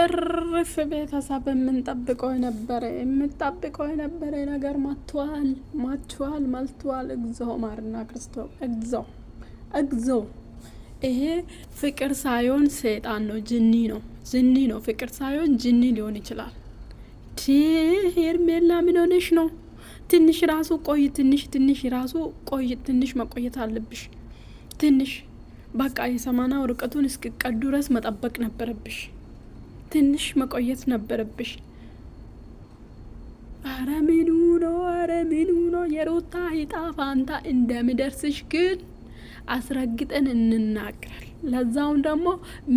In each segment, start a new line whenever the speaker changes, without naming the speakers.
እርፍ ቤተሰብ የምንጠብቀው የነበረ የምንጠብቀው የነበረ ነገር ማቷል ማቷል ማልቷል። እግዞ ማርና ክርስቶ እግዞ እግዞ። ይሄ ፍቅር ሳይሆን ሰይጣን ነው፣ ጅኒ ነው፣ ጅኒ ነው። ፍቅር ሳይሆን ጅኒ ሊሆን ይችላል። ሄርሜላ ምን ሆነሽ ነው? ትንሽ ራሱ ቆይ፣ ትንሽ ትንሽ ራሱ ቆይ፣ ትንሽ መቆየት አለብሽ። ትንሽ በቃ የሰማናው ርቀቱን እስክቀዱ ድረስ መጠበቅ ነበረብሽ። ትንሽ መቆየት ነበረብሽ። አረ ምኑ ነው? አረ ምኑ ነው? የሩታ ይጣፋንታ ፋንታ ግን አስረግጠን እንናገራል። ለዛውን ደግሞ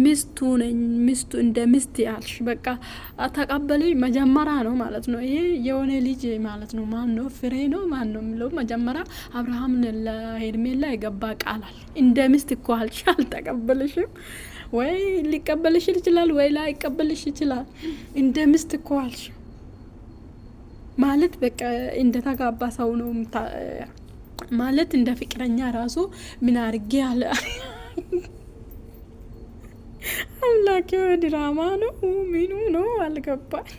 ሚስቱ ነኝ ሚስቱ እንደ ሚስት ያልሽ በቃ ተቀበል መጀመሪያ ነው ማለት ነው። ይሄ የሆነ ልጅ ማለት ነው። ማን ነው ፍሬ ነው ማን ነው የሚለው መጀመሪያ አብርሃም ለሄርሜላ የገባ ቃላል እንደ ሚስት እኮ አልሽ አልተቀበልሽም ወይ ሊቀበልሽ ይችላል ወይ ላይቀበልሽ ይችላል። እንደ ሚስት እኮ አልሽ ማለት በቃ እንደተጋባ ሰው ነው ማለት እንደ ፍቅረኛ ራሱ ምን አርጌ አለ። አምላኬ ድራማ ነው ምኑ ነው አልገባኝ።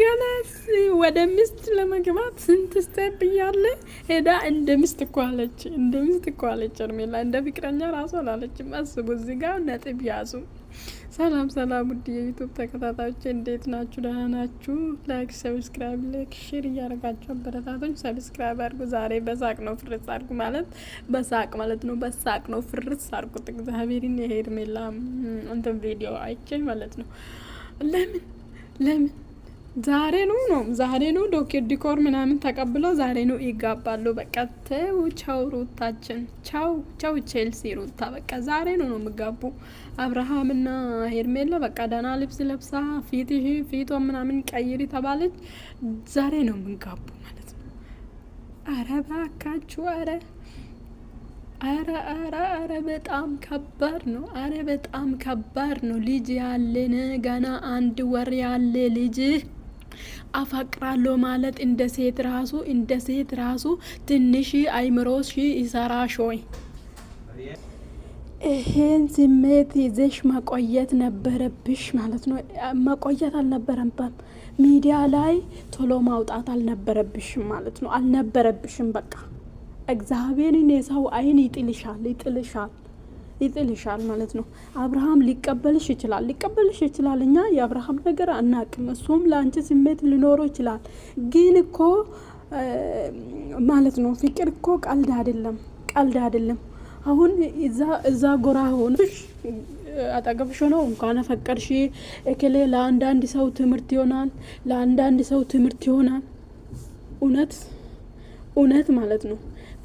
ገና ወደ ሚስት ለመግባት ስንት ስቴፕ እያለ ሄዳ እንደ ሚስት እኮ አለች፣ እንደ ሚስት እኮ አለች። እርሜላ እንደ ፍቅረኛ ራሱ አላለችም። አስቡ፣ እዚህ ጋር ነጥብ ያዙ። ሰላም ሰላም፣ ውድ የዩቱብ ተከታታዮች እንዴት ናችሁ? ደህና ናችሁ? ላይክ፣ ሰብስክራይብ፣ ላይክ፣ ሼር እያደረጋችሁ አበረታቶች ሰብስክራይብ አድርጉ። ዛሬ በሳቅ ነው ፍርስ አድርጉ ማለት በሳቅ ማለት ነው። በሳቅ ነው ፍርስ አድርጉት። እግዚአብሔርን ሜላ እንትን ቪዲዮ አይቼ ማለት ነው ለምን ለምን ዛሬ ነው ነው ዛሬ ነው ዶክር ዲኮር ምናምን ተቀብሎ ዛሬ ነው ይጋባሉ። በቃ ተው ቻው ሩታችን፣ ቻው ቻው ቼልሲ ሩታ በቃ ዛሬ ነው ነው የሚጋቡ አብርሃምና ሄርሜላ። በቃ ደህና ልብስ ለብሳ ፊት ፊቷ ምናምን ቀይሪ ተባለች። ዛሬ ነው የምንጋቡ ማለት ነው። አረ ባካችሁ፣ አረ አረ አረ አረ በጣም ከባድ ነው። አረ በጣም ከባድ ነው። ልጅ ያለን ገና አንድ ወር ያለ ልጅ አፈቅራለሁ ማለት እንደ ሴት ራሱ እንደ ሴት ራሱ ትንሽ አይምሮሽ ይሰራሽ ወይ? ይሄን ስሜት ይዘሽ መቆየት ነበረብሽ ማለት ነው። መቆየት አልነበረብም። ሚዲያ ላይ ቶሎ ማውጣት አልነበረብሽም ማለት ነው። አልነበረብሽም። በቃ እግዚአብሔርን የሰው አይን ይጥልሻል፣ ይጥልሻል ይጥልሻል ማለት ነው። አብርሃም ሊቀበልሽ ይችላል፣ ሊቀበልሽ ይችላል። እኛ የአብርሃም ነገር አናቅም። እሱም ለአንቺ ስሜት ሊኖረው ይችላል። ግን እኮ ማለት ነው ፍቅር እኮ ቀልድ አይደለም፣ ቀልድ አይደለም። አሁን እዛ ጎራ ሆነሽ አጠገብሽ ሆነው እንኳን አፈቀርሽ እክሌ ለአንዳንድ ሰው ትምህርት ይሆናል፣ ለአንዳንድ ሰው ትምህርት ይሆናል። እውነት እውነት ማለት ነው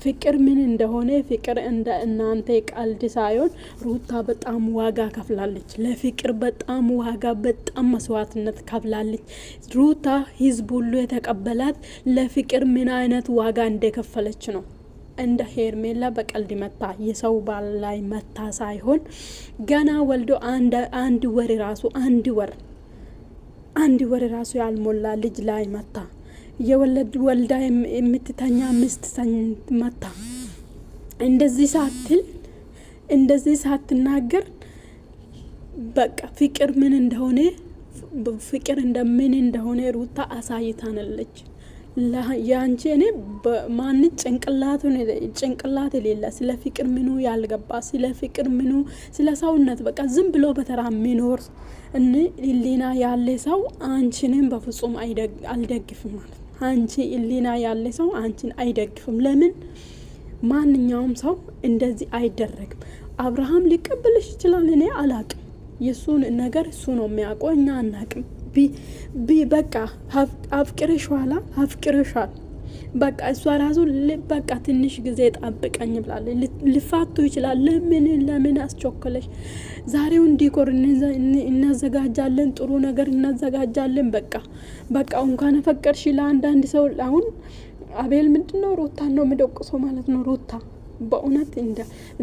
ፍቅር ምን እንደሆነ ፍቅር እንደ እናንተ ቀልድ ሳይሆን ሩታ በጣም ዋጋ ከፍላለች። ለፍቅር በጣም ዋጋ በጣም መስዋዕትነት ከፍላለች። ሩታ ህዝብ ሁሉ የተቀበላት ለፍቅር ምን አይነት ዋጋ እንደከፈለች ነው። እንደ ሄርሜላ በቀልድ መታ የሰው ባል ላይ መታ ሳይሆን ገና ወልዶ አንድ ወር ራሱ አንድ ወር አንድ ወር ራሱ ያልሞላ ልጅ ላይ መታ የወለድ ወልዳ የምትተኛ ምስት ሰኝት መታ። እንደዚህ ሳትል እንደዚህ ሳትናገር በቃ ፍቅር ምን እንደሆነ ፍቅር ምን እንደሆነ ሩታ አሳይታናለች። ያንቺ እኔ ማን ጭንቅላት የሌለ ስለ ፍቅር ምኑ ያልገባ ስለ ፍቅር ምኑ ስለ ሰውነት በቃ ዝም ብሎ በተራ የሚኖር እን ሊና ያለ ሰው አንቺንም በፍጹም አልደግፍም ማለት ነው። አንቺ ህሊና ያለ ሰው አንቺን አይደግፍም። ለምን ማንኛውም ሰው እንደዚህ አይደረግም። አብርሃም ሊቀበልሽ ይችላል። እኔ አላቅም። የእሱን ነገር እሱ ነው የሚያውቀው፣ እኛ አናቅም። ቢ በቃ አፍቅርሽ ኋላ አፍቅርሻል በቃ እሷ ራሱ በቃ ትንሽ ጊዜ ጠብቀኝ ብላለች። ልፋቱ ይችላል። ለምን ለምን አስቸኮለች? ዛሬውን ዲኮር እናዘጋጃለን፣ ጥሩ ነገር እናዘጋጃለን። በቃ በቃ እንኳን ፈቀድሽ ለአንዳንድ ሰው አሁን አቤል ምንድን ነው ሩታ ነው የምደቁሰው ማለት ነው ሮታ በእውነት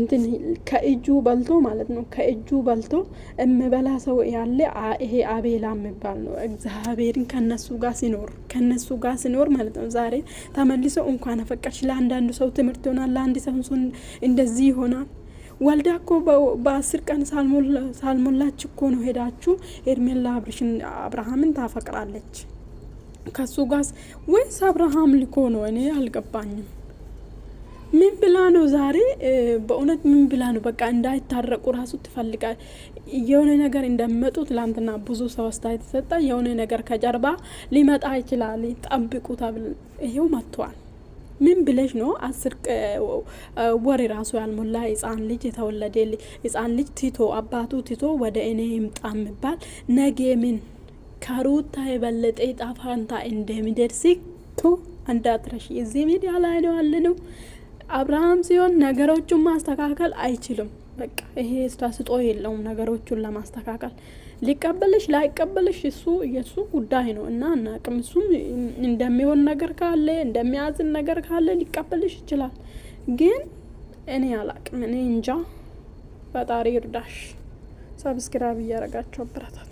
እንትን ከእጁ በልቶ ማለት ነው። ከእጁ በልቶ የምበላ ሰው ያለ ይሄ አቤላ የሚባል ነው። እግዚአብሔርን ከነሱ ጋር ሲኖር ከነሱ ጋር ሲኖር ማለት ነው። ዛሬ ተመልሶ እንኳን አፈቀርሽ ለአንዳንዱ ሰው ትምህርት ይሆናል፣ ለአንድ ሰው እንደዚህ ይሆናል። ወልዳ እኮ በአስር ቀን ሳልሞላች እኮ ነው ሄዳችሁ ሄርሜላ አብርሃምን ታፈቅራለች። ከሱ ጋስ ወይስ አብርሃም ልኮ ነው? እኔ አልገባኝም። ብላ ነው ዛሬ በእውነት ምን ብላ ነው በቃ እንዳይታረቁ ራሱ ትፈልጋል። የሆነ ነገር እንደመጡ ትላንትና ብዙ ሰው አስተያየት ተሰጠ። የሆነ ነገር ከጀርባ ሊመጣ ይችላል፣ ጠብቁ ተብል ይሄው መጥቷል። ምን ብለሽ ነው አስር ወር ራሱ ያልሞላ ህጻን ልጅ የተወለደ ህጻን ልጅ ቲቶ አባቱ ቲቶ ወደ እኔ ይምጣ የሚባል ነገ ምን ከሩታ የበለጠ ጣፋንታ እንደሚደርስ ቱ አንዳትረሽ እዚህ ሚዲያ ላይ ነው ያለ ነው አብርሃም ሲሆን ነገሮቹን ማስተካከል አይችልም። በቃ ይሄ ስታስጦ የለውም ነገሮቹን ለማስተካከል ሊቀበልሽ ላይቀበልሽ እሱ የሱ ጉዳይ ነው እና እናቅም እሱም እንደሚሆን ነገር ካለ እንደሚያዝን ነገር ካለ ሊቀበልሽ ይችላል። ግን እኔ አላቅም። እኔ እንጃ። ፈጣሪ እርዳሽ። ሰብስክራይብ እያረጋቸው አበረታት